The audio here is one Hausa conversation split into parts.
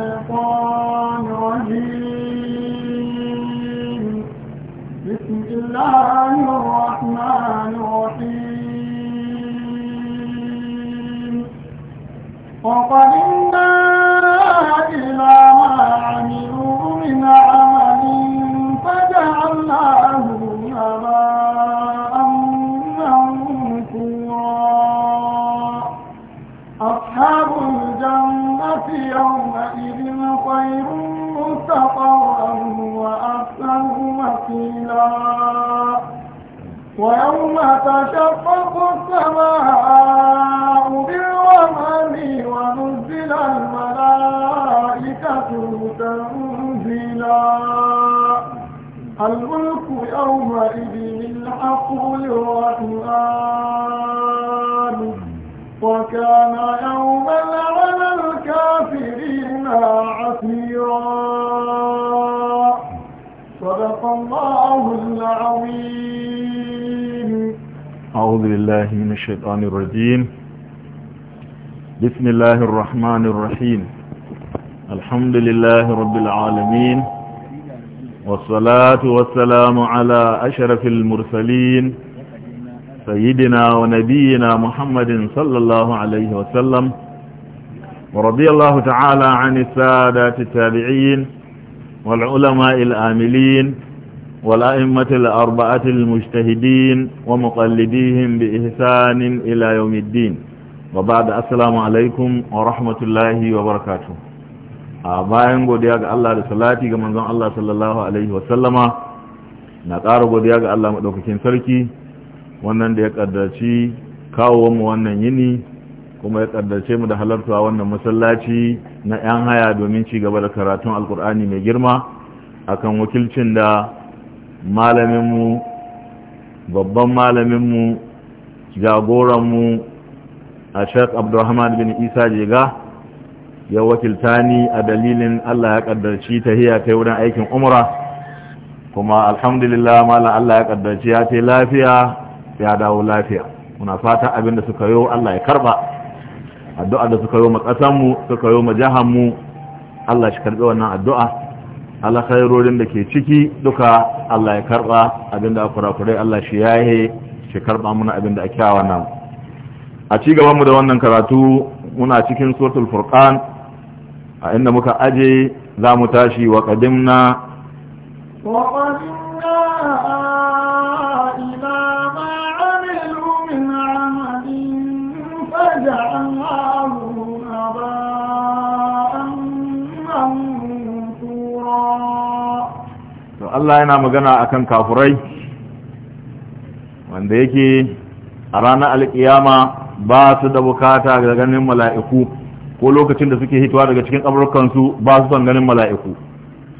أنت بسم الله الرحمن الرحيم الحمد لله رب العالمين والصلاة والسلام على أشرف المرسلين سيدنا ونبينا محمد صلى الله عليه وسلم ورضي الله تعالى عن السادة التابعين والعلماء الآملين والأئمة الأربعة المجتهدين ومقلديهم بإحسان إلى يوم الدين wa ba da assalamu alaikum wa rahmatullahi wa barakatu a bayan godiya ga Allah da salati ga manzon Allah sallallahu alaihi wa sallama na ƙara godiya ga Allah madaukakin sarki wannan da ya ƙaddaci kawo mu wannan yini kuma ya kaddace mu da halartuwa wannan masallaci na 'yan haya domin ci gaba da karatun alkur'ani mai girma akan wakilcin da malaminmu babban malamin mu jagoran mu a shek abdurrahman bin isa jega ya wakilta ni a dalilin allah ya kaddarci ta hiya kai wurin aikin umra kuma alhamdulillah malam allah ya kaddarci ya ce lafiya ya dawo lafiya muna fata abin da suka yo allah ya karba addu'a da suka yo ma kasanmu suka yo ma jahanmu allah shi karbi wannan addu'a alkhairorin da ke ciki duka allah ya karba abin da akura kurai allah shi yahe shi karba muna abin da a kyawa a ci mu da wannan karatu muna cikin suratul furqan a inda muka aje za mu tashi wa qadimna Allah yana magana akan kafurai wanda yake a ranar alƙiyama ba su da bukata ga ganin mala'iku ko lokacin da suke hitowa daga cikin kaburkansu ba su son ganin mala'iku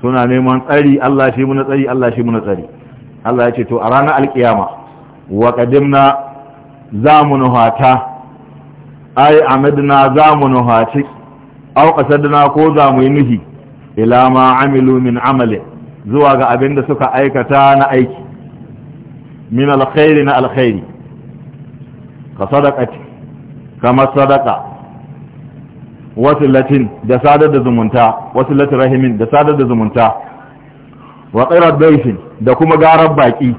suna neman tsari Allah shi muna tsari Allah shi muna tsari Allah ya ce to a ranar alkiyama wa za zamunu hata ai amadna zamunu hati aw qasadna ko zamu yi nuhi ila ma amilu min amali zuwa ga abin da suka aikata na aiki min alkhairi na alkhairi ka sadaqati kamar sadaka wasu latin da sadar da zumunta wasu latin rahimin da sadar da zumunta wa tsirar daifin da kuma garar baki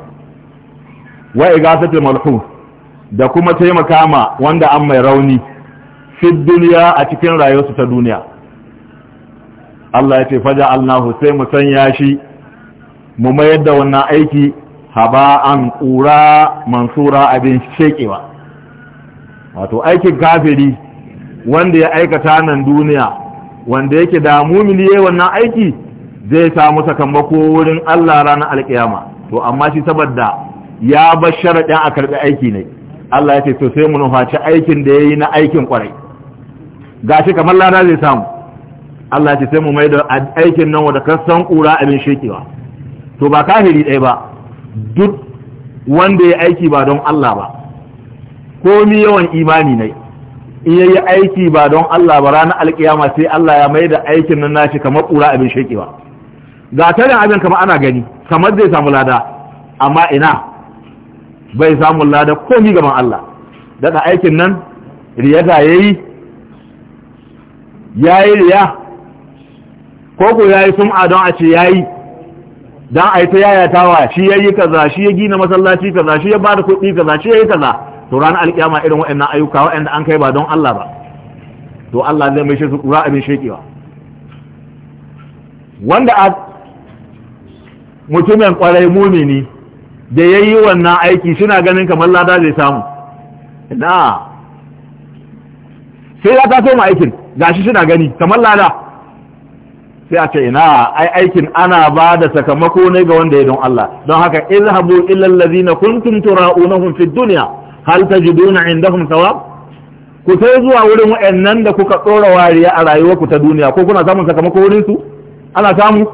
wa igasati malhu da kuma taimaka ma wanda an mai rauni fi duniya a cikin rayuwarsu ta duniya Allah ya ce faja Allah sai mu sanya shi mu mayar da wannan aiki an ƙura mansura abin shekewa wato aikin kafiri wanda ya aikata nan duniya wanda yake da mumini yayi wannan aiki zai samu sakamako wurin Allah ranar alkiyama to amma shi saboda ya bar sharadin a karbi aiki ne Allah ya ce sai mu nufaci aikin da yayi na aikin kwarai gashi kamar lada zai samu Allah ya ce sai mu mai da aikin nan wanda kasan kura abin shekewa to ba kafiri ɗaya ba duk wanda ya aiki ba don Allah ba komi yawan imani ne in yayi aiki ba don Allah ba ranar alkiyama sai Allah ya mai da aikin nan nashi kamar kura abin shekewa ga tarin abin kamar ana gani kamar zai samu lada amma ina bai samu lada ko ni gaban Allah daga aikin nan riyata yayi yayi riya ko ko yayi sum'a don a ce yayi dan a ta yayatawa shi yayi kaza shi ya gina masallaci kaza shi ya bada kuɗi kaza shi yayi kaza to ranar alkiyama irin waɗannan ayyuka waɗanda an kai ba don Allah ba to Allah zai mai shi kura abin shekewa wanda a mutumin kwarai mumini da ya yi wannan aiki suna ganin kamar lada zai samu na sai ya taso ma aikin gashi suna gani kamar lada sai a ce ina ai aikin ana ba da sakamako ne ga wanda ya don Allah don haka izhabu ilal ladina kuntum tura'unahum fid dunya hal tajiduna indahum thawab ku sai zuwa wurin waɗannan da kuka tsora wariya a rayuwarku ta duniya ko kuna samun sakamako wurin su ana samu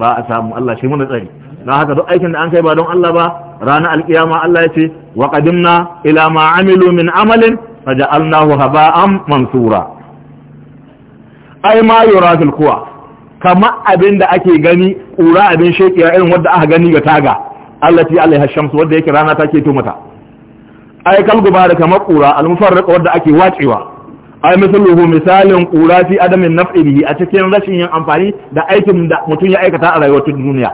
ba a samu Allah shi muna tsari Na haka duk aikin da an kai ba don Allah ba rana alkiyama Allah ya ce wa qadimna ila ma amilu min amalin faja'alnahu haba'an mansura ai ma yura kuwa kama abin da ake gani ƙura abin shekiya irin wadda aka gani ga taga allati alaiha shamsu wadda yake rana take to mata ai kal gubara kamar kura al-mufarraqa wadda ake wacewa ai misaluhu misalin kura fi adamin naf'ihi a cikin rashin yin amfani da aikin da mutum ya aikata a rayuwar duniya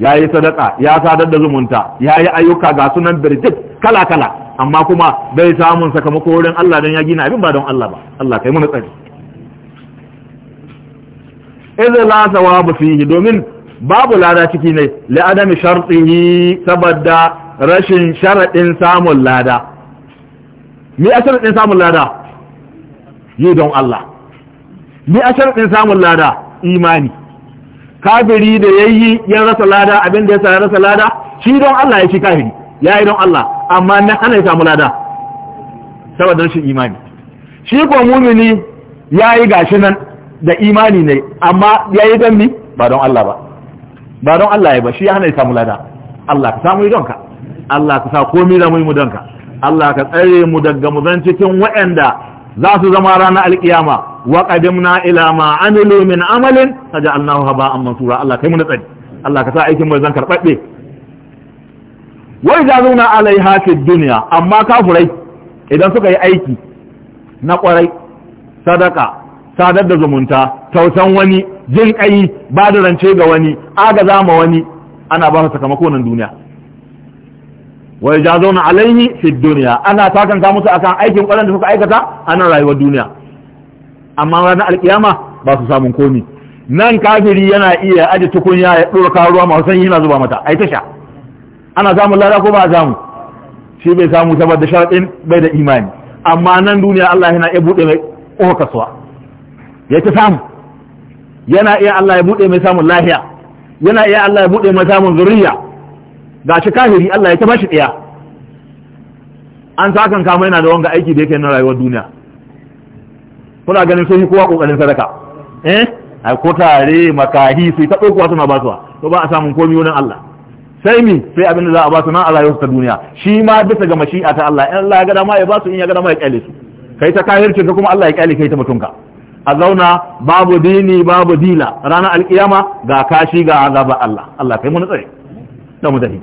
ya yi sadaka ya sadar da zumunta ya yi ayyuka ga sunan birjit kala kala amma kuma bai samun sakamako wurin Allah dan ya gina abin ba don Allah ba Allah kai na tsari idza la sawabu fihi domin babu lada ciki ne li adami shartihi saboda rashin sharaɗin samun lada mi a sharaɗin samun lada yi don Allah mi a sharaɗin samun lada imani kafiri da ya yi yan rasa lada abin da ya sa rasa lada shi don Allah ya shi kafiri ya yi don Allah amma na hana ya samu lada saboda rashin imani shi kuwa mumini ya yi gashi nan da imani ne amma ya yi don ni ba don Allah ba ba don Allah ya ba shi ya hana ya samu lada Allah ka samu don ka. Allah ka sa komai da mu mu danka Allah ka tsare mu daga mu zan cikin waɗanda za su zama ranar alkiyama wa qadimna ila ma amilu min amalin faja'alnahu haba'an mansura Allah kai mu na tsari Allah ka sa aikin mu zan karɓaɓɓe wai da zauna alaiha fi duniya amma kafurai idan suka yi aiki na kwarai sadaka sadar da zumunta tausan wani jin kai ba da rance ga wani agaza ma wani ana ba su sakamako nan duniya wa yajazuna alaihi fi dunya ana takan ka musu akan aikin ƙwarar da suka aikata a nan rayuwar duniya amma ranar alkiyama ba su samun komi nan kafiri yana iya aje tukunya ya dora kawo ruwa masu sanyi yana zuba mata ai tasha ana samun lada ko ba samu shi bai samu saboda sharadin bai da imani amma nan duniya Allah yana iya bude mai ƙofa kasuwa ya ta samu yana iya Allah ya bude mai samun lahiya yana iya Allah ya bude mai samun zuriya ga shi kahiri Allah ya ta bashi ɗaya an sakan kama yana da wanga aiki da yake na rayuwar duniya kuna ganin sun yi kowa kokarin sadaka eh ai ko tare makahi sai ta ɗaukowa suna basuwa to ba a samun komai wani Allah sai mi sai abin da za a basu na a rayuwarsu ta duniya shi ma bisa ga mashi'a ta Allah in Allah ya ga dama ya basu in ya ga dama ya kyale su kai ta kahirce ka kuma Allah ya kyale kai ta mutunka a zauna babu dini babu dila ranar alkiyama ga kashi ga azaba Allah Allah kai mu tsare da mu dahi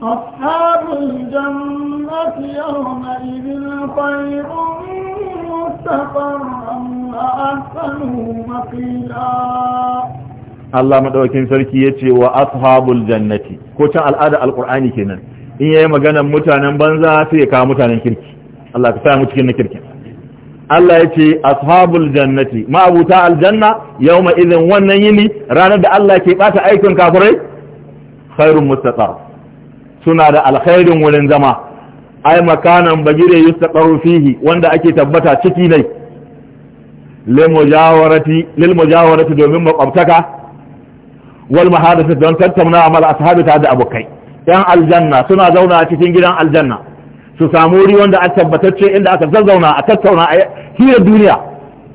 ashabul jannati yawma idin khayrun mustaqarran wa ahsanu maqila Allah madaukakin sarki yace wa ashabul jannati ko can al'ada alqur'ani kenan in yayi maganar mutanen banza sai ya kawo mutanen kirki Allah ka sa mu cikin na kirkin Allah ya ce ashabul jannati ma'abuta aljanna yawma idin wannan yini ranar da Allah ke bata aikin kafirai khairun mustaqar suna da alkhairin wurin zama ai makanan bagire yustaqaru fihi wanda ake tabbata ciki ne lil mujawarati domin makwabtaka wal mahadathah don tattauna amal ashabi ta da abokai yan aljanna suna zauna a cikin gidan aljanna su samu wuri wanda a tabbatacce inda aka zazzauna a tattauna a hira duniya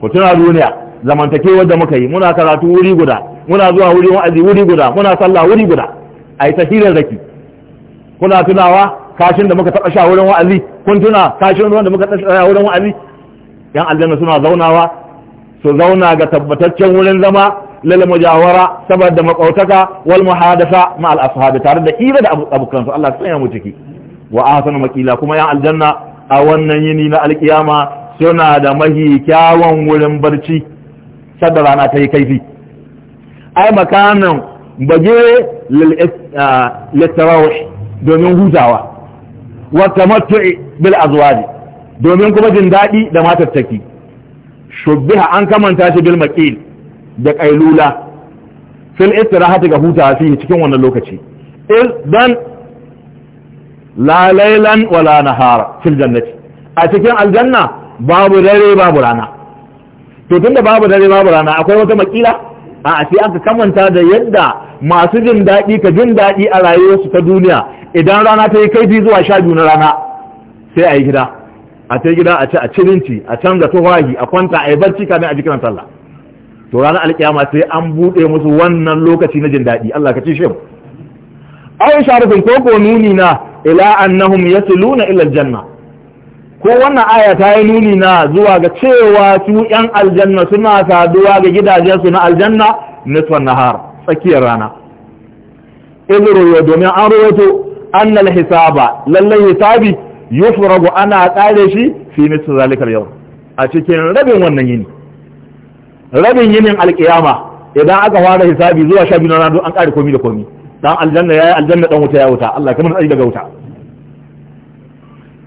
ku tuna duniya zamantakewar da muka yi muna karatu wuri guda muna zuwa wuri wa'azi wuri guda muna sallah wuri guda a yi ta hirarraki kuna tunawa kashin da muka taɓa sha wurin wa'azi kun tuna kashin ruwan da muka taɓa sha wurin wa'azi yan aljanna suna zaunawa su zauna ga tabbataccen wurin zama lil mujawara saboda maƙautaka wal muhadatha ma al ashabi tare da ira da abokan su Allah tsaya mu ciki wa ahsanu makila kuma yan aljanna a wannan yini na alkiyama suna da mahi kyawun wurin barci sadda rana ta yi kaifi ai makanin baje littarawih ah, domin hutawa wa tamattu'i bil azwaji domin kuma jin daɗi da matattaki shubbiha an kamanta shi bil maƙil da ƙailula, fil istirahati ga hutawa fi cikin wannan lokaci dan la lailan wala nahara fil jannati a cikin aljanna babu dare babu rana to tunda babu dare babu rana akwai wata maƙila. a sai aka kamanta da yadda masu jin daɗi ka jin daɗi a rayuwarsu ta duniya idan rana ta yi kaifi zuwa sha biyu na rana sai a yi gida a ta gida a ci a cirinci a canza tufahi a kwanta a yi barci kamin a jikin sallah to ranar alkiyama sai an buɗe musu wannan lokaci na jin daɗi Allah ka ci shi aisha rufin koko nuni na ila annahum yasluna ila aljanna ko wannan aya ta yi nuni na zuwa ga cewa su yan aljanna suna saduwa ga gidajensu na aljanna na nahar tsakiyar rana izruwa domin an an annal hisaba lallai hisabi ragu ana tsare shi fi mista zalikar yau a cikin rabin wannan yini rabin yinin alkiyama idan aka fara hisabi zuwa sha biyu na rana an ƙari komi da komi dan aljanna ya yi aljanna ɗan wuta ya wuta Allah kamar sai daga wuta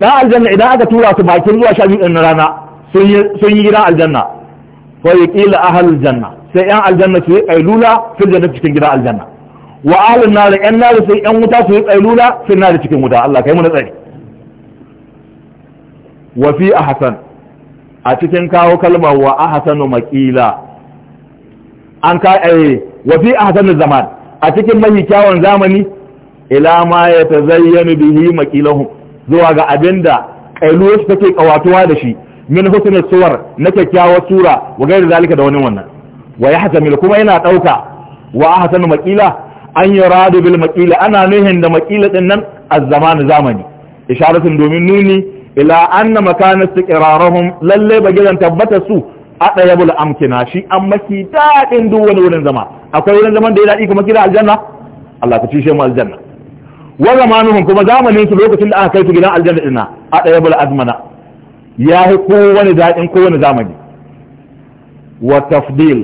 dan aljanna idan aka tura su bakin zuwa sha biyu rana sun yi gidan aljanna fa yuqila ahal janna sai yan aljanna su yi qailula fil janna cikin gidan aljanna wa ahlun nar yan nar sai yan wuta su yi qailula fil nar cikin wuta Allah kai mu na tsari wa fi ahsan a cikin kawo kalma wa ahsanu maqila an ka ai eh, wa fi ahsanu zaman a cikin mahi kyawun zamani ila ma yatazayyanu bihi maqilahum zuwa ga abin da ƙailuwar su take ƙawatuwa da shi min husni suwar na kyakkyawar sura wa gairi zalika da wani wannan wa kuma yana ɗauka wa ahsanu maqila an yuradu bil maqila ana nuhin da maqila din nan az-zaman zamani isharatun domin nuni ila anna makana istiqrarahum lalle bagidan tabbata su ada yabul amkina shi an maki dadin duk wani wurin zama akwai wurin zaman da ya dadi kuma kira aljanna Allah ka ci shi mu aljanna wa zamanuhum kuma zamanin su lokacin da aka kai su gidan aljanna dinna a daya bul azmana ya yi kowane daɗin kowane zamani wa tafdil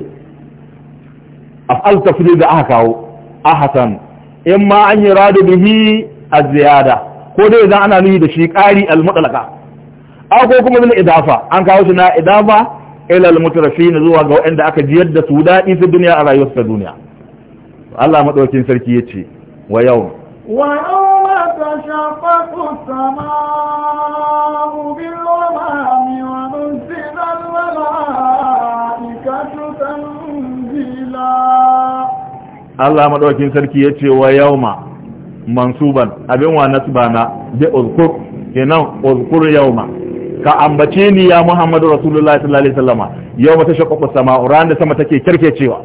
af'al tafdil da aka kawo ahsan in ma an yi radu bihi az-ziyada ko dai idan ana nuni da shi ƙari al-mutlaqa aw ko kuma bil idafa an kawo shi na idafa ila al-mutrafin zuwa ga waɗanda aka jiyar da su daɗi su duniya a rayuwar duniya Allah madaukakin sarki ya ce wa yau ويوم تشقق السماء بالغمام ونزل الملائكة تنزيلا Allah madaukakin sarki ya ce wa yauma mansuban abin wa nasbana bi uzkur kenan uzkur yauma ka ambace ni ya Muhammadu Rasulullahi sallallahu alaihi wasallama yauma tashaqqaqu sama'u ran da sama take kirkecewa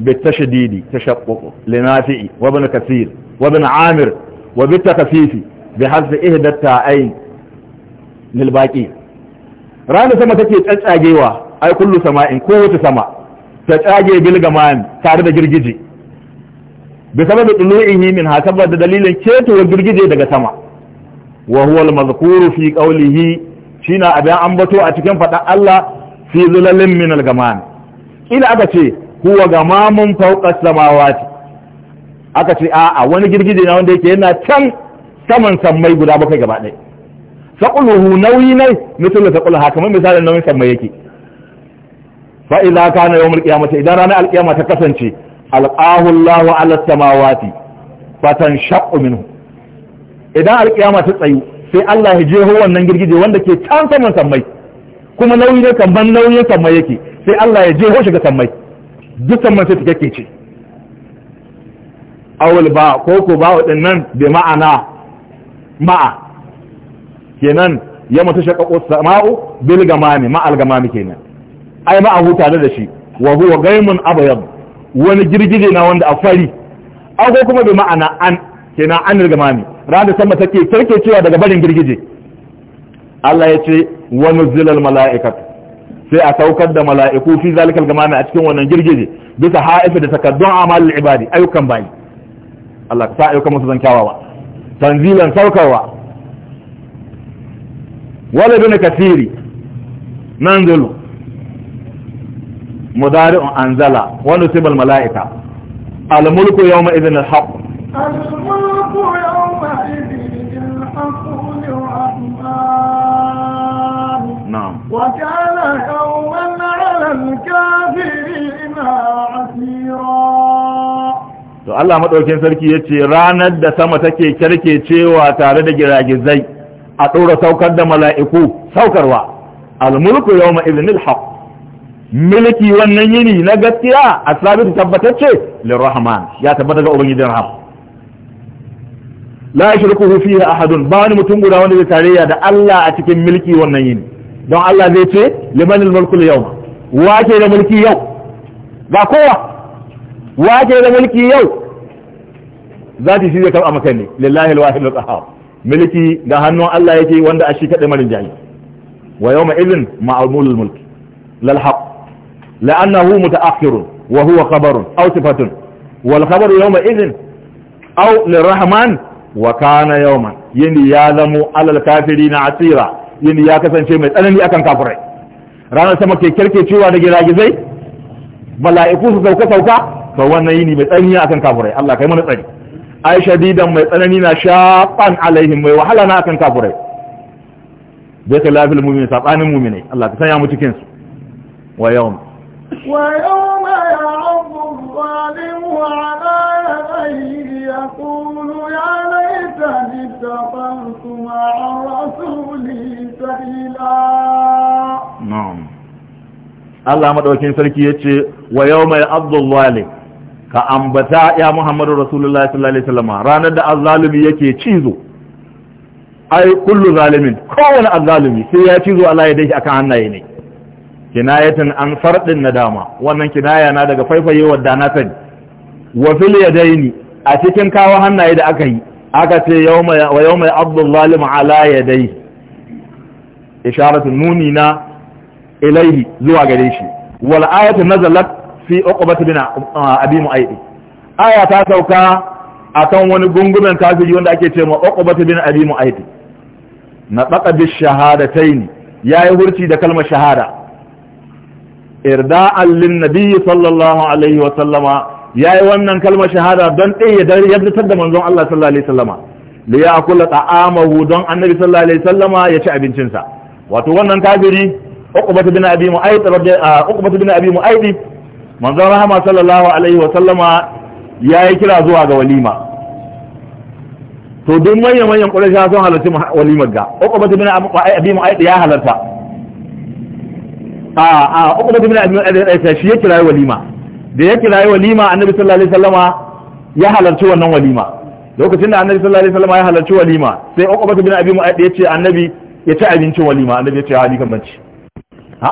بالتشديد تشقق لنافع وابن كثير وابن عامر وبالتخفيف بحذف إهدى التاءين للباقي رانا سما تكي تتاجيوا أي كل سماء قوة سماء تتاجي بالغمان تارد جرججي بسبب طلوعه منها سبب دليل كيتو والجرججي دقى سماء وهو المذكور في قوله شينا أبي أنبتو أتكن فتح الله في ظلل من الغمان إلى أبتي huwa mamun fawqa samawati aka ce a'a wani girgije na wanda yake yana can saman sammai guda bakwai gaba ɗaya saƙuluhu nauyi ne misalu haka mai misalin nauyin sammai yake ka na yawon yawmul mace idan ranar alƙiyama ta kasance alƙahun Allahu ala samawati fatan shaƙu minhu idan alƙiyama ta tsayu sai Allah ya jeho wannan girgije wanda ke can saman sammai kuma nauyi ne kamar nauyin sammai yake sai Allah ya jeho shi ga sammai dukan man sai cikakke ce awul ba ko ko ba wa dinnan bi ma'ana ma'a kenan ya mutu shaqqaqu sama'u bil ma al gamani kenan ai ma'a huta tare da shi wa huwa gaimun abyad wani girgije na wanda a fari ko kuma bi ma'ana an kenan anil gamani ran da sama take cewa daga barin girgije Allah ya ce wa nuzilal mala'ikatu sai a saukar da mala'iku fi zalikal gamami a cikin wannan girgije bisa haifi da takaddun al ibadi ayyukan bayi Allah ka sa ayyukan musu zankawa kyawawa tanzilan saukarwa wala bin kathiri nanzilu mudari'un anzala wa nusibal mala'ika al mulku yawma idhin al haq al mulku yawma وكان يوما على الكافرين عسيرا to Allah madaukin sarki yace ranar da sama take cewa tare da giragizai a ɗora saukar da mala'iku saukarwa al-mulku yawma idhnil haq miliki wannan yini na gaskiya a sabitu ce Rahman, ya tabbata ga ubangiji raham la shirku fiha ahadun ba wani mutum guda wanda zai tarayya da Allah a cikin milki wannan yini don Allah zai ce liman mulkul yau wa da mulki yau ba kowa wa da mulki yau zati shi zai karɓa maka ne lillahi alwahid alqahar mulki da hannun Allah yake wanda a shi kadai marin jayi wa yawma idhin ma'amul mulk lal haqq la'annahu muta'akhirun wa huwa khabarun aw sifatun wal khabaru yawma idhin aw lirrahman wa kana yawman yini ya zamu alal kafirina asira yini ya kasance mai tsanani akan kafirai ranar sama ke cewa da giragizai mala'iku su sauka sauka to wannan yini mai tsanani akan kafirai Allah kai mana tsari ai shadidan mai tsanani na shafan alaihim mai wahala na akan kafirai bai kai lafil mu'mini sabanin mu'mini Allah ka sanya mu cikin su wa yawm wa yawma ya'udhu adh-dhalimu 'ala yadayhi yaqulu ya laitani اتقلت مع رسول Allah madaukakin sarki yace wa yawma ya'dhu zalim ka ambata ya Muhammadu Rasulullahi sallallahu alaihi wasallam ranar da azzalimi yake cizo ai kullu zalimin kowane azzalimi sai ya cizo Allah ya dake akan hannaye ne kinayatan an fardin nadama wannan kinaya na daga faifaye wadda na sani wa fil yadaini a cikin kawo hannaye da aka yi aka ce yawma wa yawma ya'dhu zalim ala yadayhi isharatun nuni na ilaihi zuwa gare shi wal ayatu nazalat fi uqbati bin uh, abi mu'ayyid aya ta sauka akan wani gungumen kafiri wanda ake cewa uqbati bin abi mu'ayyid na taqa bi shahadatayn yayi hurci da kalmar shahada irda'an lin nabiy sallallahu alaihi wa sallama yayi wannan kalmar shahada don ɗaya yadda da manzon Allah sallallahu alaihi wa sallama li ya kula ta'amahu don annabi sallallahu alaihi wa sallama ya ci abincinsa wato wannan kafiri uqbatu bin abi mu'ayd ah, uqbatu bin abi mu'ayd manzo rahama sallallahu alaihi wa sallama yayi kira zuwa ga walima to duk manyan manyan sha son halarci walima ga uqbatu bin abi mu'ayd ya halarta a ah, a ah, uqbatu bin abi mu'ayd eh, eh, shi ya kira walima da ya kira walima annabi sallallahu alaihi wa sallama ya halarci wannan walima lokacin da annabi sallallahu alaihi wa sallama ya halarci walima sai uqbatu bin abi mu'ayd ya ce annabi ya ci abincin walima annabi ya ce ha ah, ni kan ban ha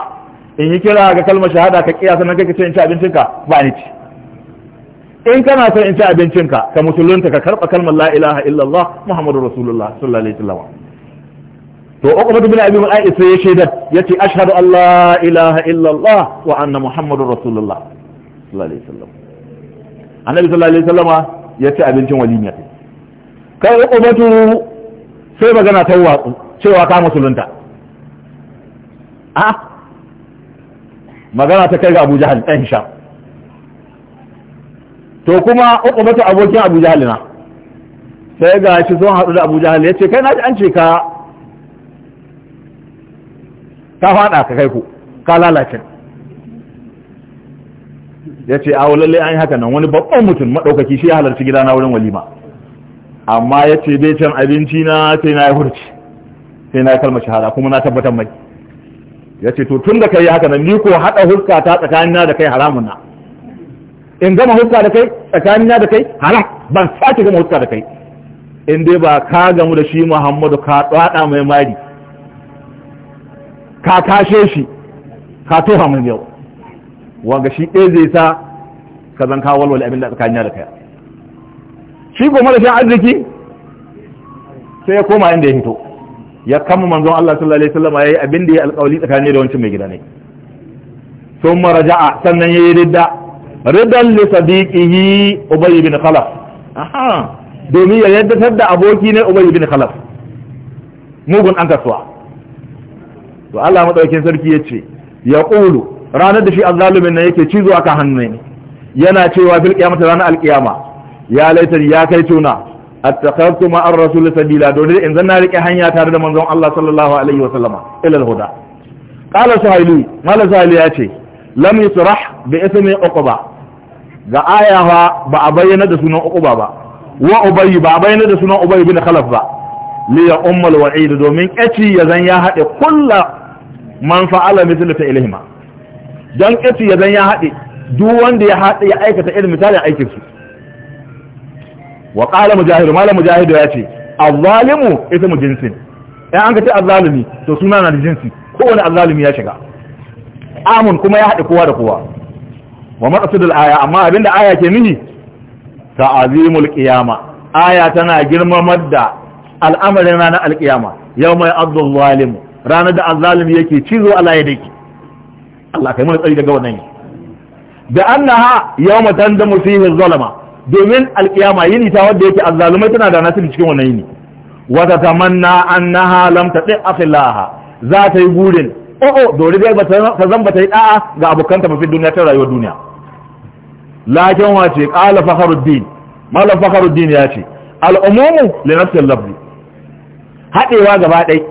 in yi kira ga kalmar shahada ka kiyasa nan kake ce in ci abincin ka ba ni ci in kana son in ci abincin ka ka musulunta ka karba kalmar la ilaha illallah muhammadur rasulullah sallallahu alaihi wasallam to uqba bin abi mu'ayyid sai ya shaida yace ashhadu an la ilaha illallah wa anna muhammadur rasulullah sallallahu alaihi wasallam annabi sallallahu alaihi wasallama ya ci abincin walima kai uqba sai magana ta watsu cewa ka musulunta a magana ta kai ga abu jahal ɗan sha to kuma uku bata abokin abu jahal na sai ga shi sun haɗu da abu jahal ya ce kai na ji an ce ka ka faɗa ka kai ku ka lalace ya ce awo lallai an yi haka nan wani babban mutum maɗaukaki shi ya halarci gidana wurin walima amma ya ce bai can abinci na sai na ya hurci sai na kalmar shahada kuma na tabbatar mai ya ce to tun da kai haka nan ni ko haɗa huska ta tsakanina da kai haramun na in gama huska da kai tsakanina da kai haram ban sake gama huska da kai in dai ba ka gamu da shi muhammadu ka tsada mai mari ka kashe shi ka toha mun yau wanga shi ɗaya zai sa ka zan kawo walwale abin da tsakanina da kai shi ko marashin arziki sai ya koma inda ya fito. ya kama manzon Allah sallallahu alaihi wasallam yayi abin da ya alƙawari tsakanin da wancan mai gida ne sun maraja'a sannan yayi ridda riddan li sadiqihi ubay bin khalaf aha domin ya yaddatar da aboki ne ubay bin khalaf mugun an kasuwa to Allah madaukakin sarki yace ya qulu ranar da shi azzalumin nan yake cizo aka hannu ne yana cewa fil qiyamati ranar alqiyama ya laitar ya kai tuna attakhadtu ma ar-rasul sabila don in zanna rike hanya tare da manzon Allah sallallahu alaihi wa sallama ila al-huda qala suhaili mala suhaili ya ce lam yusrah bi ismi uqba ga aya ba a bayyana da sunan uqba ba wa ubay ba a bayyana da sunan ubay bin khalaf ba li ya ummul wa'id domin kaci ya zan ya hade kullu man fa'ala mithla ta ilahima dan kaci ya zan ya hade duk wanda ya hade ya aikata irin misalin aikin su wa qala mujahid malam mujahid ya ce ita mu jinsin in an ka ce azzalimi to suna na da jinsi kowane azzalimi ya shiga amun kuma ya haɗa kowa da kowa wa maqsadul aya amma abinda aya ke nuni ta'azimul qiyama aya tana girmamar da al'amarin ranar alƙiyama. yau mai abdul zalimu ranar da azzalimi yake cizo ala ya dake Allah kai mana tsari daga wannan da annaha yawma tandamu fihi zalama domin alkiyama yini ta wadda yake azzalumai tana da nasiri cikin wannan yini wata tamanna annaha lam tadi akhilaha za ta yi burin o'o oh, oh, dori dai ta zamba ta yi da'a ga abokanta mafi duniya ta rayuwar duniya lakin wace qala fakhruddin malam fakhruddin ya ce al'umumu li nafsil lafzi hadewa gaba dai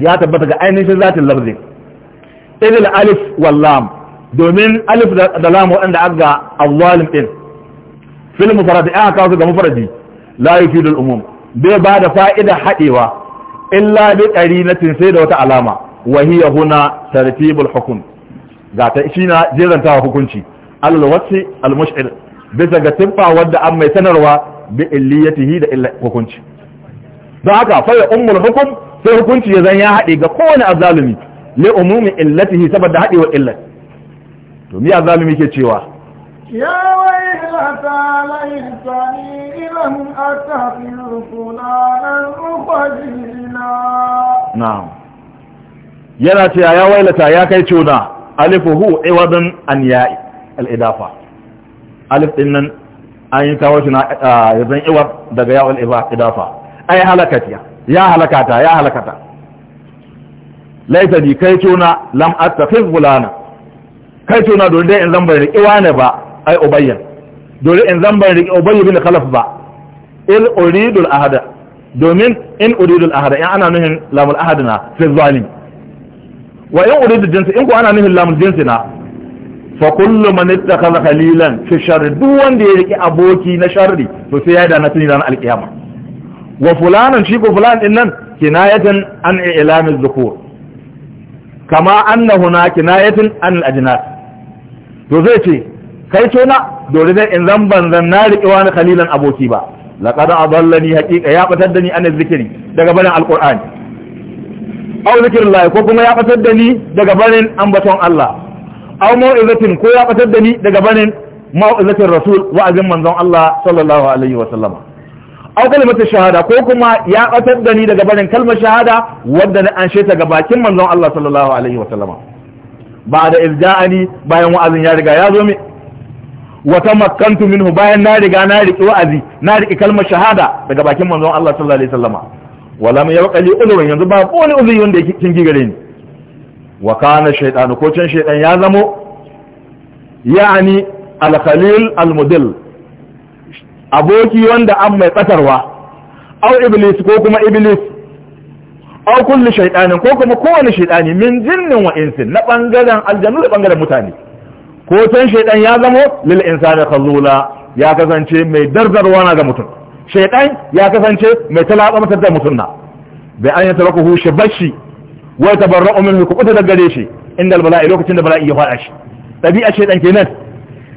ya tabbata ga ainihin zatin lafzi idil alif wal lam domin alif da lam wanda aga al-zalim din fil mufrad an kawo ga mufradi la yufidu al umum bai ba da fa'ida hadewa illa bi na sai da wata alama wa hiya huna tartibul hukm ga ta shi na jirantawa hukunci al wasi al mush'ir bisa ga tibba wanda an mai sanarwa bi illiyatihi da illa hukunci don haka fa ya ummul hukum sai hukunci ya zan ya haɗe ga kowane azalumi li umumi illatihi saboda haɗewar illa. to mi azalumi ke cewa يا ويلتى ليتني لم أتخذ فلانا خليلا نعم yana يا ya wailata ya kai cuna عوض الإضافة ألف إن alif din nan an yi الإضافة أي na يا iwar daga ya'ul ليتني كيتونا لم ya halakata kai cuna don dai in zan bai iwa ne ba ai ubayya dole in zan ban riƙe ubayya bin khalaf ba il uridul ahada domin in uridu uridul ahada in ana nuhin lamul ahadina fi zalim wa in uridul jinsi in ko ana nuhin lamul jinsi na fa kullu man ittakhadha khalilan fi sharri duk wanda ya riƙe aboki na sharri to sai ya da na tuni ran alƙiyama wa fulanan shi ko fulan din nan kinayatan an ilamiz zukur kama anna hunaka kinayatan an al-ajnas to zai ce kai tona dole ne in zan ban zan na riƙe wani khalilan aboki ba laqad adallani haqiqa ya batar da ni an zikiri daga barin alqur'ani aw zikrillah ko kuma ya batar da ni daga barin ambaton Allah aw mau'izatin ko ya batar da ni daga barin mau'izatin rasul wa'azin manzon Allah sallallahu alaihi wa sallama aw kalimatu shahada ko kuma ya batar da ni daga barin kalmar shahada wadda na anshe ta ga bakin manzon Allah sallallahu alaihi wa sallama ba da izja'ani bayan wa'azin ya riga ya zo mi wa tamakkantu minhu bayan na riga na riki wa'azi na riki kalmar shahada daga bakin manzon Allah sallallahu alaihi wasallama wala mai yabqa li ulwan yanzu ba ko ne uzuri wanda yake kin gigare ni wa kana shaytanu ko can shaytan ya zamo yani al-khalil al-mudil aboki wanda an mai tsatarwa au iblis ko kuma iblis au kulli shaytanin ko kuma kowane shaytani min jinnin wa insin na bangaren aljanu da bangaren mutane ko can shaidan ya zamo lil insani khazula ya kasance mai dardarwa na ga mutum shaidan ya kasance mai talaba masa da mutum na bai an yata rakuhu bashi wai tabarra'u min kubuta da gare shi inda bala'i lokacin da bala'i ya fada shi dabi'a shaidan kenan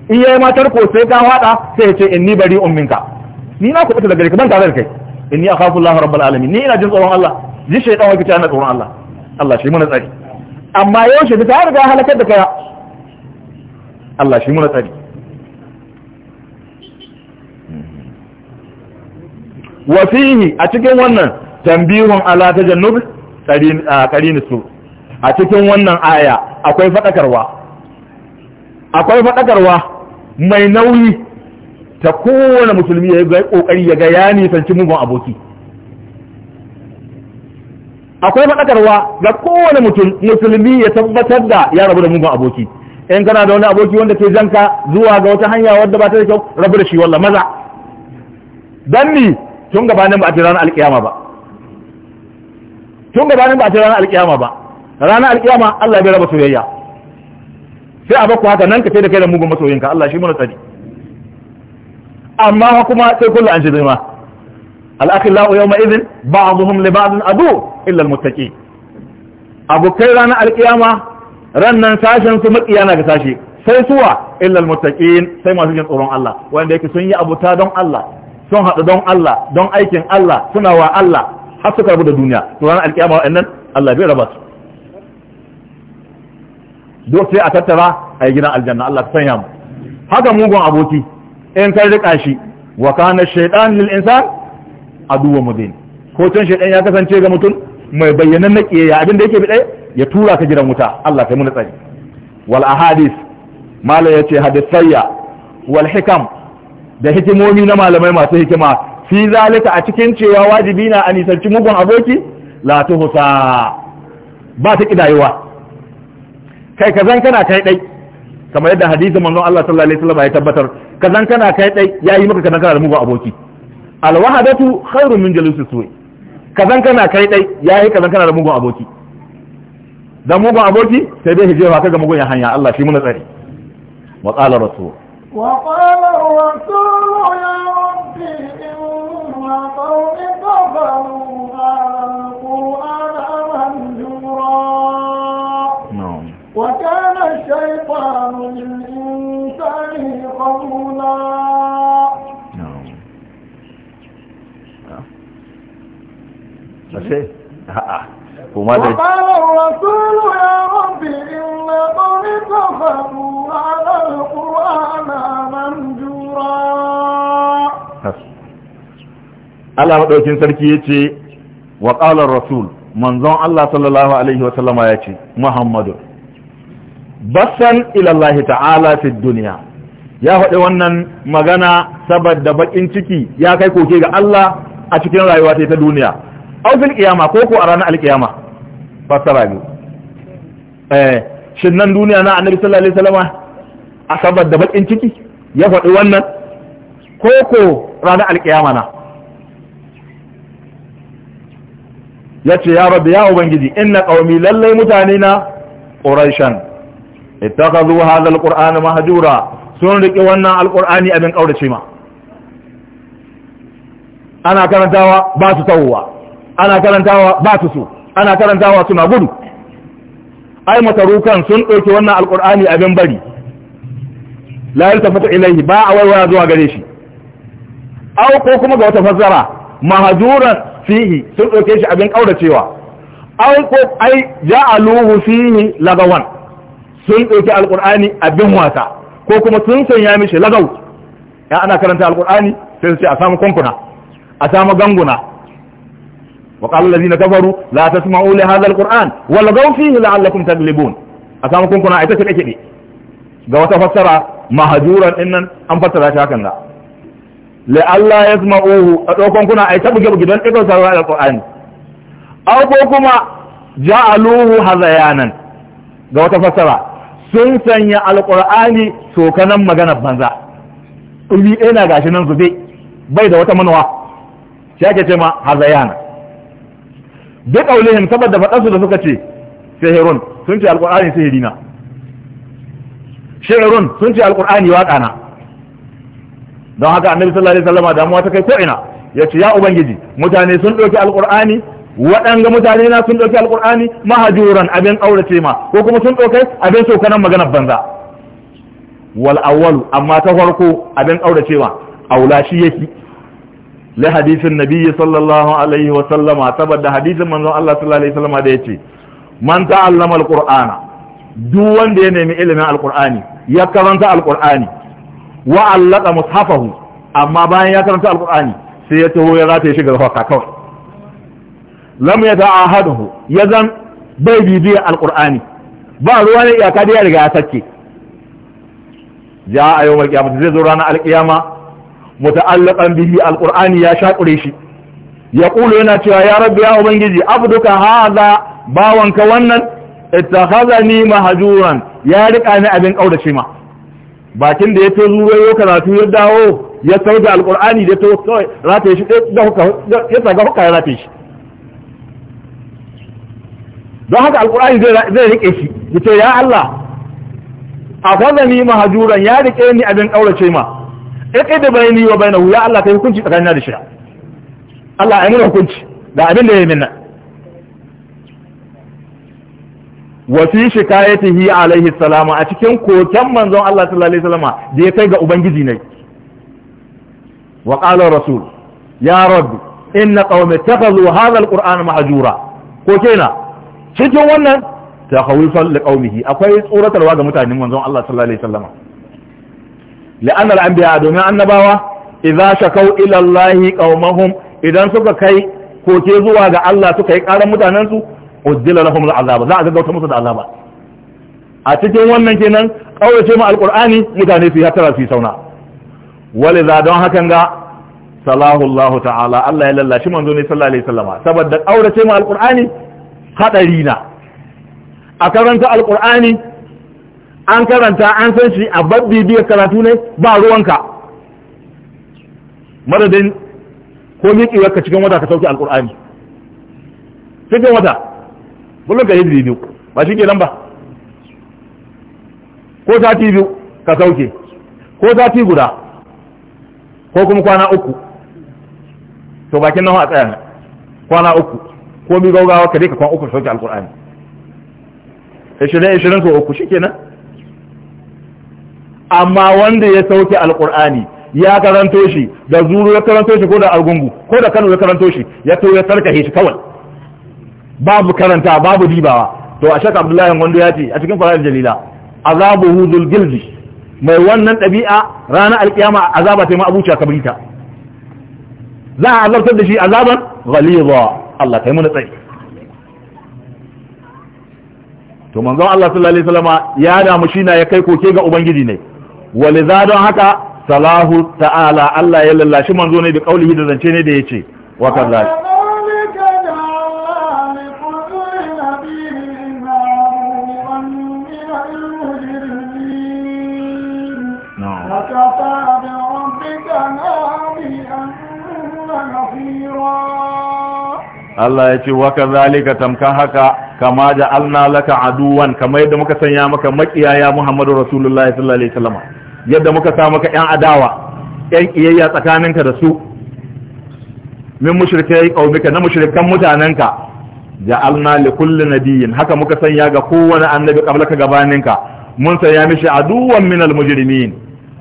in yayi matar ko sai ka fada sai ya ce inni bari'un minka ni na kuɓuta da gare ka ban tare da kai inni akhafu Allah rabbul alamin ni ina jin tsoron Allah ji shaidan wa kici ana tsoron Allah Allah shi mana tsari amma yau shi ta riga halakar da kaya Allah shi muna tsari wa fihi a cikin wannan tambihun ala tajannub qarin su a cikin wannan aya akwai faɗakarwa akwai faɗakarwa mai nauyi ta kowane musulmi ya yi ƙoƙari ya ga ya nisanci mugun aboki akwai faɗakarwa ga kowane mutum musulmi ya tabbatar da ya rabu da mugun aboki in kana da wani aboki wanda ke janka zuwa ga wata hanya wadda ba ta da kyau rabu da shi wallah maza dan ni tun gabanin ba a ce ranar alkiyama ba tun gabanin ba a ce alkiyama ba ranar alkiyama Allah bai raba soyayya sai a baku haka nan ka sai da kai da mugun masoyinka Allah shi mana tsari amma kuma sai kullu an shi zai ma al'akhillahu yawma idhin ba'dhum li ba'dhin adu illa al-muttaqin abokai ranar alkiyama rannan sashen su makiya na ga sashe sai suwa illal muttaqin sai masu jin tsoron Allah wanda yake sun yi abuta don Allah sun haɗu don Allah don aikin Allah suna wa Allah har suka rabu da duniya to ranar alƙiyama wa wa'annan Allah bai raba su duk sai a tattara a yi gidan aljanna Allah ta sanya mu haka mugun aboki in kai riƙa shi wa kana shaytan lil insan aduwwu mubin ko can shaytan ya kasance ga mutum mai bayyanan na kiyaya abin da yake bi dai ya tura ka gidan wuta Allah kai muna tsari wal ahadis ya ce hadisayya wal hikam da hikimomi na malamai masu hikima fi zalika a cikin cewa wajibi na a nisanci mugun aboki la husa. ba ta kidayewa kai kazan kana kai dai kamar yadda hadisin manzon Allah sallallahu alaihi wasallam ya tabbatar kazan kana kai dai yayi maka kazan kana da mugun aboki al wahadatu khairun min jalusi su'i kazan kana kai dai yayi kazan kana da mugun aboki dan mugun aboki sai dai hijewa kaga mugun ya hanya Allah shi muna tsari wa qala rasul wa qala rasul ya rabbi inna qawmi kafaru وكان الشيطان للإنسان قولا No. to ma da Allah maɗaukin sarki ya ce wa ƙalar rasul manzon Allah sallallahu Alaihi wasallama ya ce Muhammadu basan ilallahi ta'ala fi duniya ya faɗi wannan magana saboda baƙin ciki ya kai koke ga Allah a cikin rayuwa ta duniya au fil ko ko a ranar alƙiyama fasara biyu eh shin nan duniya na annabi sallallahu alaihi wasallam a da bakin ciki ya faɗi wannan ko ko ranar alkiyama na ya ce ya rabbi ya ubangiji inna qaumi lallai mutane na quraishan ittakhadhu hadha alqur'ana mahjura sun riƙe wannan alƙur'ani abin ƙaurace ma ana karantawa ba su tawowa ana karantawa ba su so ana karanta karantawa suna gudu ai matarukan sun ɗauki wannan alƙur'ani abin bari la yaltafatu ilaihi ba a waiwaya zuwa gare shi Au ko kuma ga wata fassara mahajuran fihi sun ɗauke shi abin ƙauracewa Au ko ai ja'aluhu fihi lagawan sun ɗauki alƙur'ani abin wasa ko kuma sun sanya mishi lagaw ya ana karanta alƙur'ani sai su ce a samu kwankuna a samu ganguna وقال الذين كفروا لا تسمعوا لهذا القرآن ولغوا فيه لعلكم تغلبون أسامكم كنا عيتك الأكبي قوة فسر مهجورا إنن أم فسر شاكنا لألا يسمعوه أتوكم كنا عيتك بجبجبا إذا سرع القرآن أو كما جعلوه هذيانا قوة فسر سنسن يا القرآن سوكنا مغانا بانزا قلبي إنا قاشنا زبي بيدا وتمنوا شاكتما هذيانا bi qaulihim saboda faɗansu da suka ce sihirun sun ce alqur'ani sihiri na shi'run sun ce alqur'ani waka na don haka annabi sallallahu alaihi wasallam damuwa ta kai ko ina ce ya ubangiji mutane sun ɗauki alqur'ani waɗanga mutane na sun ɗauki alƙur'ani mahajuran abin ƙaurace ma ko kuma sun ɗaukai abin sokanan maganar banza wal awwalu amma ta farko abin ƙaurace ma aula shi yake li hadisin nabiyyi sallallahu alaihi wa sallama saboda hadisin manzon Allah sallallahu alaihi wa sallama da yace man ta'allama alqur'ana duk wanda ya nemi ilimin alqur'ani ya karanta alqur'ani wa allaka mushafahu amma bayan ya karanta alqur'ani sai ya taho ya rataye shi ya zan bai bibiya ba ruwa ne iyaka da ya riga ya sake ja a yau malkiyama zai zo ranar alkiyama muta'allaqan bihi alqur'ani ya shakure shi yaqulu yana cewa ya rabbi ya ubangiji abduka hadha bawanka wannan ittakhazani mahjuran ya rika ni abin kaurace ma bakin da ya to zuwayo karatu ya dawo ya sauda alqur'ani da to kawai shi da huka ya tsaga huka ya rataye shi don haka alqur'ani zai zai rike shi yace ya Allah afadani mahjuran ya rike ni abin kaurace ma iqid bayni wa na wuya, Allah yi hukunci tsakanina da shi Allah ya mun hukunci da abin da ya yi minna wa fi shikayatihi alaihi salama a cikin koken manzon Allah sallallahu alaihi salama, da ya kai ga ubangiji ne wa qala rasul ya rabbi inna qaumi takhadhu hadha alqur'ana mahjura ko kenan cikin wannan takhawifan liqaumihi akwai tsoratarwa ga mutanen manzon Allah sallallahu alaihi salama. la'an al'ambiya domin annabawa idza shakau ila Allah qaumahum idan suka kai koke zuwa ga Allah suka yi karan mutanen su uzdila lahum al'azaba za a gaggauta musu da azaba a cikin wannan kenan kaurace mu alqur'ani mutane su hatara su sauna waliza don hakan ga salahu Allah ta'ala Allah ya lallashi manzo ne sallallahu alaihi wasallama saboda kaurace mu alqur'ani hadari na a karanta alqur'ani an karanta an san shi a babbi biyar karatu ne ba ruwanka madadin ko miƙewar ka cikin wata ka sauke alƙur'ani cikin wata kullum ka yi biyu ba shi ke ba ko sati biyu ka sauke ko sati guda ko kuma kwana uku to bakin nawa a tsaya kwana uku ko mi gaugawa ka dai ka kwan uku ka sauke alƙur'ani 20 20 ko uku shikenan amma wanda ya sauke alkur'ani ya karanto shi da zuru ya karanto shi ko da argungu ko da kano ya karanto shi ya to ya tarkahe shi kawai babu karanta babu dibawa to a shaka abdullahi wando ya ce a cikin fara'ar jalila azabu huzul gilzi mai wannan ɗabi'a ranar alkiyama azaba ta yi ma'abuciya kabrita za a azabtar da shi azaban ghaliza Allah ta yi mana tsaye to manzon Allah sallallahu alaihi wasallama ya damu shi na ya kai koke ga ubangiji ne waliza don haka salahu ta'ala Allah ya lallashi manzo ne da kaulihi da zance ne da yace wa Allah ya ce wa zalika tamka haka kama ja'alna laka aduwan kamar yadda muka sanya maka makiyaya Muhammadu Rasulullahi sallallahu alaihi wasallam yadda muka sa maka yan adawa yan kiyayya tsakaninka da su min mushrikai ƙaunika na mushrikan mutanenka ja'alna li kulli nabiyyin haka muka sanya ga kowane annabi kablaka gabaninka mun sanya mishi aduwan min almujrimin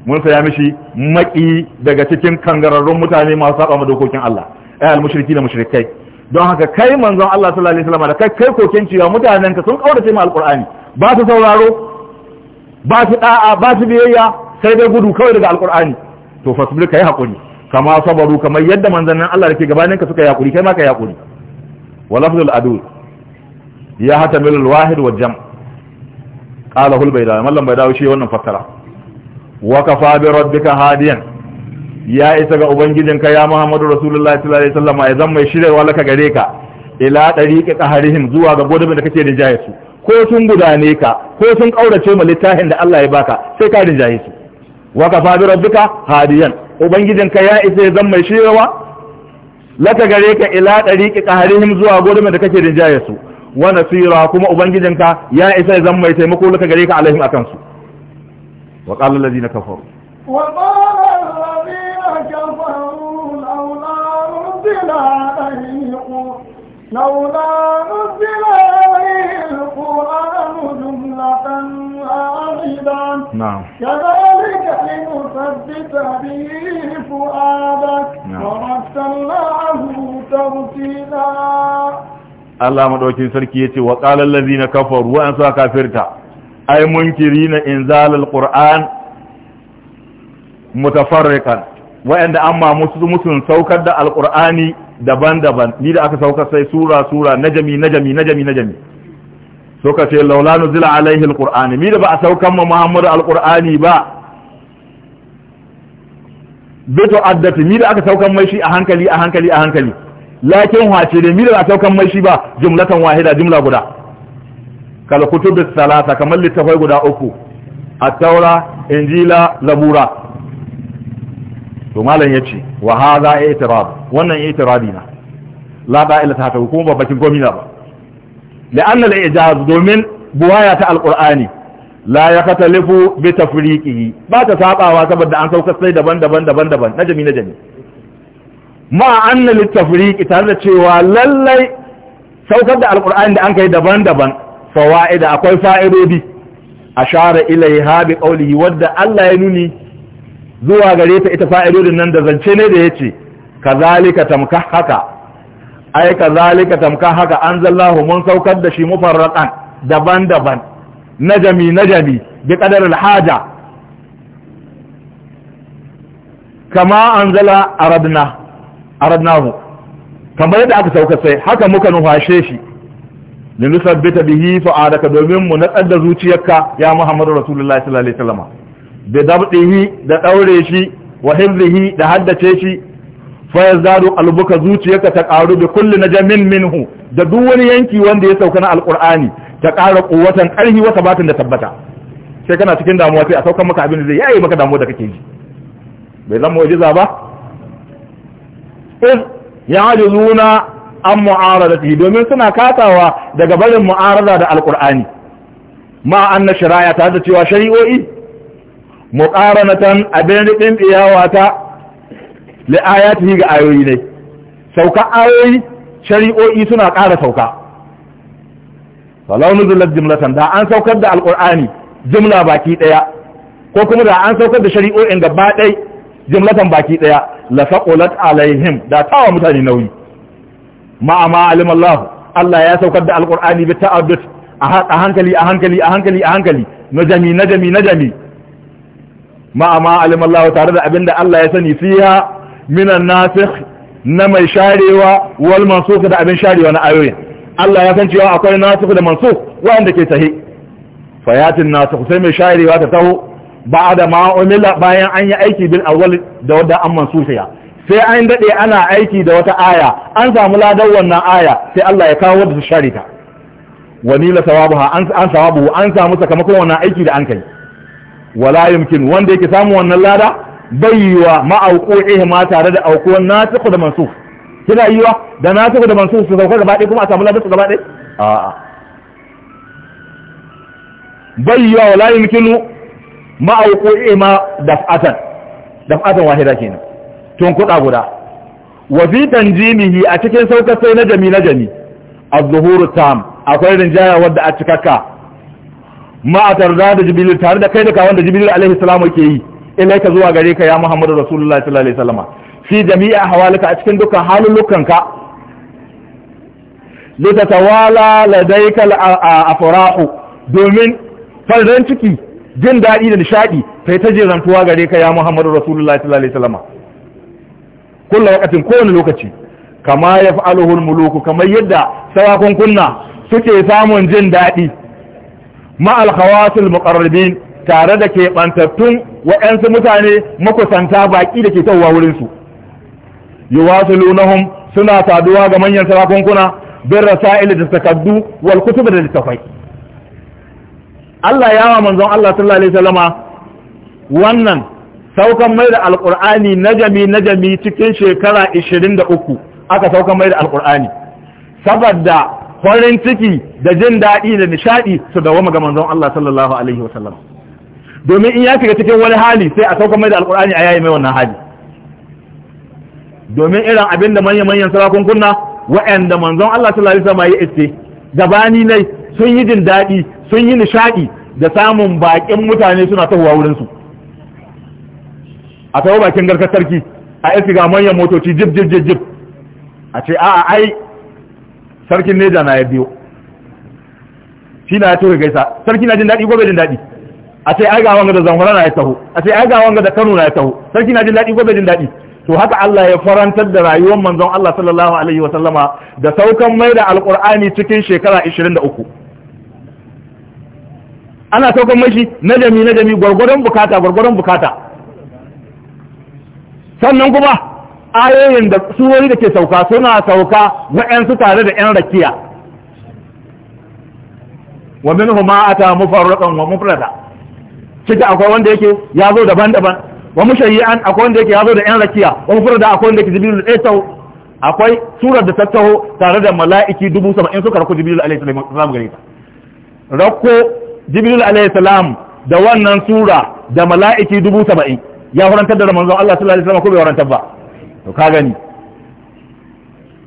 mun sanya mishi maki daga cikin kangararrun mutane masu saba dokokin Allah ai almushriki da mushrikai don haka kai manzon Allah sallallahu alaihi wasallam da kai kai kokin cewa mutanenka sun kaurace mu alqur'ani ba su sauraro ba su da'a ba su biyayya sai dai gudu kawai daga alqur'ani to fasbir kai hakuri kama sabaru kamar yadda manzannin Allah da ke gabanin ka suka yi hakuri kai ma kai hakuri wa lafzul adu ya hatamilu alwahid wal jam' qala hul bayda mallan bayda shi wannan fassara wa kafa bi rabbika hadiyan ya isa ga ka ya muhammadu rasulullahi sallallahu alaihi wasallam ya zama shirarwa laka gare ka ila dariqi qaharihim zuwa ga godobin da kake da jayesu ko sun gudane ka ko sun kaurace ma littafin da Allah ya baka sai ka rinjaye su waka fa bi rabbika hadiyan ubangijinka ya isa ya zama mai shirawa laka gare ka ila dariqi qahrihim zuwa gurbin da kake rinjaye su wa nasira kuma ubangijinka ya isa ya zama mai taimako laka gare ka alaihim akan su wa qala alladhina kafaru wa qala allazina kafaru laula nuzila alayhi laula nuzila alayhi alquran jumlatan ahidan na'am نثبت فؤادك ورتلناه ترتيلا Allah madaukin sarki yace wa qala allazina kafaru wa ansa kafirta ay munkirina inzal alquran mutafarriqan wa inda amma musu musun saukar da alqurani daban-daban ni da aka saukar sai sura sura najami najami najami najami so ka ce laula nuzila alaihi alqurani ni da ba a saukar ma muhammadu alqurani ba beto addati mi da aka saukan mai shi a hankali a hankali a hankali lakin wace da mi da aka saukan mai shi ba jumlatan wahida jumla guda kal kutub salasa kamar littafai guda uku at-taura injila zabura to malam yace wa hadha i'tirab wannan i'tirabi na la ila ta ta kuma babakin gomina ba la'anna al-ijaz domin buwaya ta al-qur'ani la ya katalifu bi tafriqihi ba ta sabawa saboda an saukar sai daban-daban daban-daban najmi najmi ma anna lit tafriqi tare da cewa lallai saukar da alqur'ani da an kai daban-daban fawaida akwai fa'idodi ashara ilaiha bi qawlihi wadda Allah ya nuni zuwa gare ta ita fa'idodin nan da zance ne da yace kazalika tamka haka ai kazalika tamka haka an zallahu mun saukar da shi mufarraqan daban-daban najami najami bi qadar haja kama anzala aradna aradnahu kamar yadda aka sauka sai haka muka nufashe shi nusabbita bihi fa'adaka domin mu na da zuciyarka ya Muhammadu Rasulullahi sallallahu alaihi wasallam bi dabdihi da daure shi wa hifzihi da haddace shi fa yazadu albuka zuciyarka ta karu bi kulli najamin minhu da duk wani yanki wanda ya sauka na alqur'ani ta ƙara ƙuwatan ƙarfi wata batin da tabbata sai kana cikin damuwa sai a saukan maka abin da zai yayi maka damuwa da kake ji bai zama wajiza ba in ya ajizuna an mu'aradati domin suna katawa daga barin mu'arada da alƙur'ani ma anna shari'a ta da cewa shari'o'i muqaranatan abin din iyawa ta li ayatihi ga ayoyi ne sauka ayoyi shari'o'i suna ƙara sauka falau nuzulat jumlatan da an saukar da alqur'ani jimla baki daya ko kuma da an saukar da shari'o'in gaba dai jumlatan baki daya la saqulat alaihim da tawa mutane nauyi ma ma alim Allah Allah ya saukar da alqur'ani bi ta'addud a hankali a hankali a hankali a hankali najami najami najami ma ma alim Allah tare da abinda Allah ya sani fiha minan nasikh na mai sharewa wal mansukh da abin sharewa na ayoyin Allah ya san cewa akwai nasu da mansu waɗanda ke sahi fayatin nasikh sai mai sha'irewa ta taho Ba ma umila bayan an yi aiki bil awwal da wadda an siya. sai an dade ana aiki da wata aya an samu ladan wannan aya sai Allah ya kawo da sharita wanila sawabuha an an sawabu an samu sakamakon wannan aiki da an kai wala yumkin wanda yake samu wannan lada bayyiwa ma auqu'ihi ma tare da aukuwan nasu da mansu. kina yi wa? da na da mansur su sauka gaba ɗaya kuma a samu labar su gaba ɗaya a'a bai yi wa wala ma'auku iya ma daf'atan daf'atan wahida nan tun kuɗa guda wa fi tanjimihi a cikin saukar sai na jami na jami az-zuhuru tam akwai rinjaya wadda a cikakka ma a tarda da Jibiru tare da kai da kawon da Jibiru alaihi salamu ke yi ilaika zuwa gare ka ya muhammadu rasulullahi sallallahu alaihi salama fi jami'a hawalika a cikin dukkan halulukanka litatawala ladaika afrahu domin farin ciki jin daɗi da nishaɗi kai ta jirantuwa gare ka ya Muhammadu Rasulullahi sallallahu alaihi wasallam kullu waqatin kowane lokaci kama yaf'aluhu al-muluku kama yadda sarakun kunna suke samun jin daɗi ma al muqarrabin tare da ke keɓantattun waɗansu mutane makusanta baƙi da ke tauwa wurinsu yuwasilunahum suna saduwa ga manyan sarakunkuna bin rasail da takaddu wal kutub da littafai Allah ya wa manzon Allah sallallahu alaihi wasallama wannan saukan mai da alqur'ani najami najami cikin shekara 23 aka saukan mai da alqur'ani saboda farin ciki da jin daɗi da nishaɗi su dawama ga manzon Allah sallallahu alaihi wasallam domin in ya shiga cikin wani hali sai a saukan mai da alqur'ani a yayi mai wannan hali domin irin abin da manya-manyan kunna wa'anda manzon Allah sallallahu alaihi wasallam ya iske gabani nai sun yi jin daɗi sun yi nishaɗi da samun baƙin mutane suna tahowa wurinsu a tawo bakin garkar sarki a iske ga manyan motoci jib jib jib jib a ce a'a ai sarkin neja na ya biyo shi na ya tura gaisa sarki na jin daɗi ko bai jin daɗi a ce ai ga wanga da zamfara na ya taho a ce ai ga wanga da kano na ya taho sarki na jin daɗi ko bai jin daɗi to haka Allah ya farantar da rayuwar manzon Allah sallallahu alaihi wa sallama da saukan mai da alqur'ani cikin shekara 23 ana saukan mai mashi najami najami gwargwadon bukata gwargwadon bukata sannan kuma ayoyin da surori da ke sauka suna sauka su tare da 'yan rakiya wa min huma ata mufarraqan wa mufrada kika akwai wanda yake ya zo daban-daban wa mushayyan akwai wanda yake yazo da yan rakiya wa mufrada akwai wanda yake jibril aisau akwai surar da tattaho tare da mala'iki dubu saba'in suka rako jibril alaihi salam gare ta rako jibril alaihi salam da wannan sura da mala'iki dubu saba'in ya horantar da manzo Allah sallallahu alaihi wasallam ko bai horantar ba to ka gani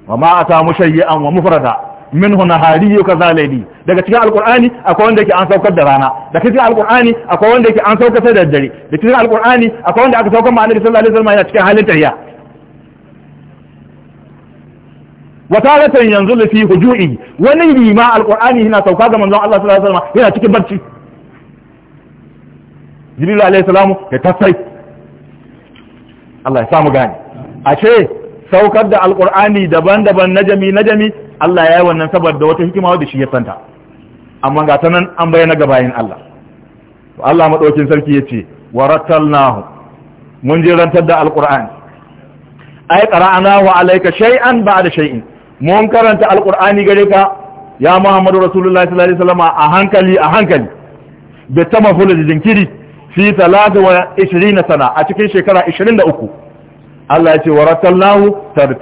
wa ma ata mushayyan wa mufrada Min nahari yau kaza laili daga cikin alqur'ani akwai wanda yake an saukar da rana Da cikin alqur'ani akwai wanda yake an saukar da dare daga cikin alqur'ani akwai wanda aka saukar ma annabi sallallahu alaihi wasallam yana cikin halin tahiya wataratan yanzu da fi hujui wani rima alqur'ani yana sauka ga manzon Allah sallallahu alaihi wasallam yana cikin barci jibril alaihi salamu ya tasai Allah ya samu gane ashe saukar da alqur'ani daban-daban najami najami Allah ya yi wannan saboda wata hikima wadda shi ya santa amma ga sanan an bayyana ga bayin Allah to Allah madaukin sarki yace warattalnahu mun jirantar da alqur'ani ay qara'nahu alayka shay'an ba'da shay'in mun karanta alqur'ani gare ka ya Muhammadu Rasulullahi sallallahu alaihi wasallam a hankali a hankali da tamahul da jinkiri fi 23 sana a cikin shekara 23 Allah ya ce warattalnahu tartila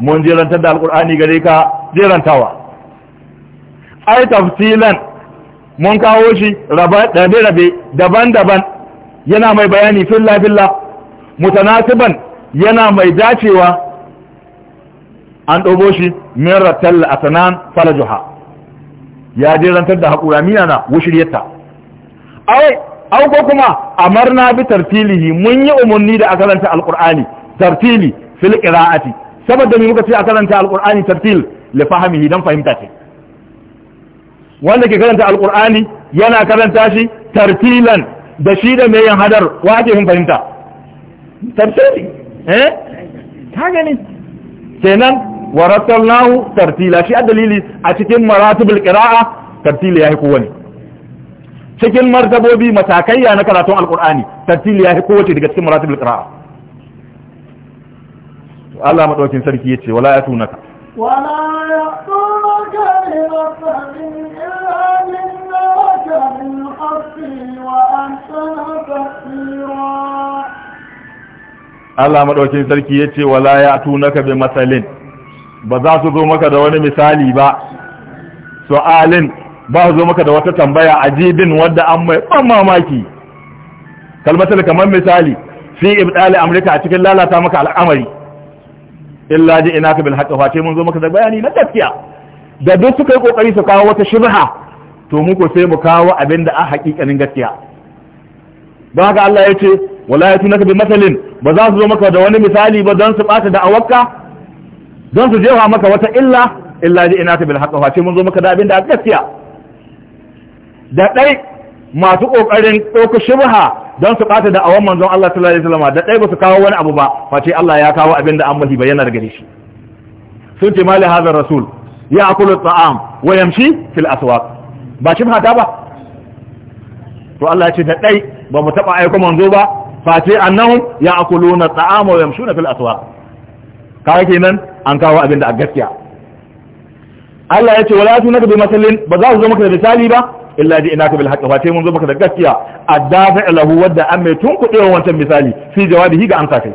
mun jirantar da alkur'ani gare ka jirantawa ai tafsilan mun kawo shi rabe-rabe daban-daban yana mai bayani filla-filla mutanasiban yana mai dacewa an ɗobo shi min a asanan falajuha ya jirantar da haƙura mina na wushiryarta ai au ko kuma amarna bi tartilihi mun yi umarni da akalanta alkur'ani tartili fil qira'ati saboda me muka ce a karanta alqur'ani tartil li fahmihi dan fahimta ce wanda ke karanta alqur'ani yana karanta shi tartilan da shi da mai yan hadar wa ake yin fahimta tartili eh ka gani kenan warattalnahu tartila shi a dalili a cikin maratibul qira'a tartili yayi kowani cikin martabobi matakaiya na karatun alqur'ani tartili yayi kowace daga cikin maratibul qira'a Allah madaukin sarki yace wala ya tuna ka. wala ya tuna wa tunaka Allah madaukin sarki yace wala ya tuna ka bi masalin ba za su zo maka da wani misali ba su'alin ba zo maka da wata tambaya ajibin wadda an mai ban mamaki kalmatar kamar misali fi ibdali amurka a cikin lalata maka al'amari illa ji ina ka bil haqqa fa mun zo maka da bayani na gaskiya da duk suka yi kokari su kawo wata shubha to mu ko sai mu kawo abin da a hakikanin gaskiya Ba haka Allah ya ce wala ya tunaka bi masalin ba za su zo maka da wani misali ba don su bata da awakka don su jefa maka wata illa illa ji ina ka bil haqqa fa mun zo maka da abin da a gaskiya da dai masu kokarin ɗauka shubha don su ɓata da awon manzon Allah Ta alaihi wasallam da ɗaya ba su kawo wani abu ba face Allah ya kawo abin da an mahi bayyana daga shi sun ce mali hazar rasul ya akulu ta'am wa yamshi fil aswaq ba shi hada ba to Allah ya ce da ɗai ba mu taɓa aiko manzo ba face annahum ya akulu na ta'am wa yamshuna fil aswaq kawai kenan an kawo abin da a gaskiya Allah ya ce wala tunaka bi masalin ba za su zama ka da misali ba illa ji inaka bil haqqi fa mun zo maka da gaskiya addafa lahu wadda an mai tunkuɗewa wancan misali fi jawabihi ga amsa kai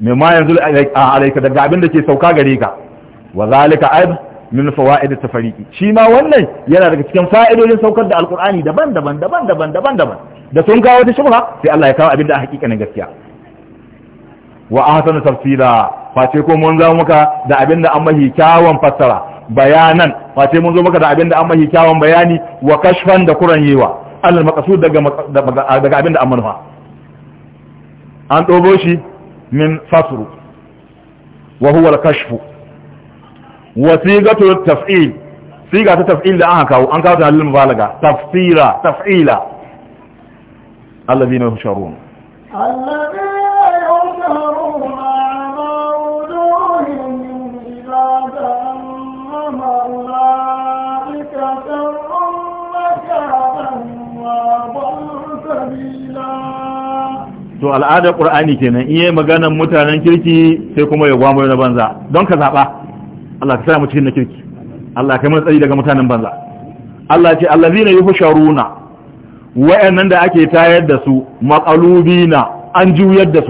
mai ma yanzu alaika daga abin da ke sauka gare ka wa zalika aib min fawaid tafariqi shi ma wannan yana daga cikin fa'idodin saukar da alqur'ani daban-daban daban-daban daban-daban da sun kawo wata shubha sai Allah ya kawo abin da hakikanin gaskiya wa ahsanu tafsira face ko mun zo muka da abin da an mahi kyawun fassara bayanan face mun zo muka da abin da an mahi kyawun bayani wa kashfan da kuran yiwa alal maqsud daga daga abin da an manufa an dobo shi min fasru wa huwa al kashfu wa sigatu taf'il siga ta taf'il da aka kawo an kawo ta halin mubalaga tafsira taf'ila alladhina yusharun alladhina to al'adar qur'ani kenan in yayi maganan mutanen kirki sai kuma ya gwamo na banza don ka zaba Allah ka sa mu cikin na kirki Allah ka mana tsari daga mutanen banza Allah ce allazina yuhsharuna wa'annan da ake tayar da su maqalubina an juyar da su